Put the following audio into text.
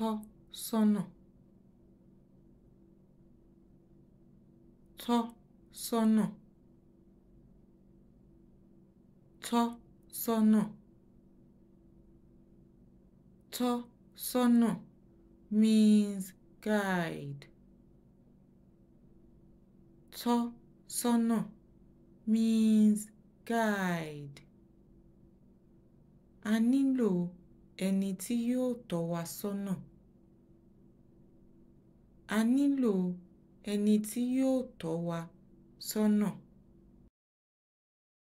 tọ́ sọ́nà tọ́ sọ́nà means guide tọ́ means guide a nílò ẹni tí yóò tọ́ wa sọ́nà a nílò ẹni tí yóò tọ́ wa sọ́nà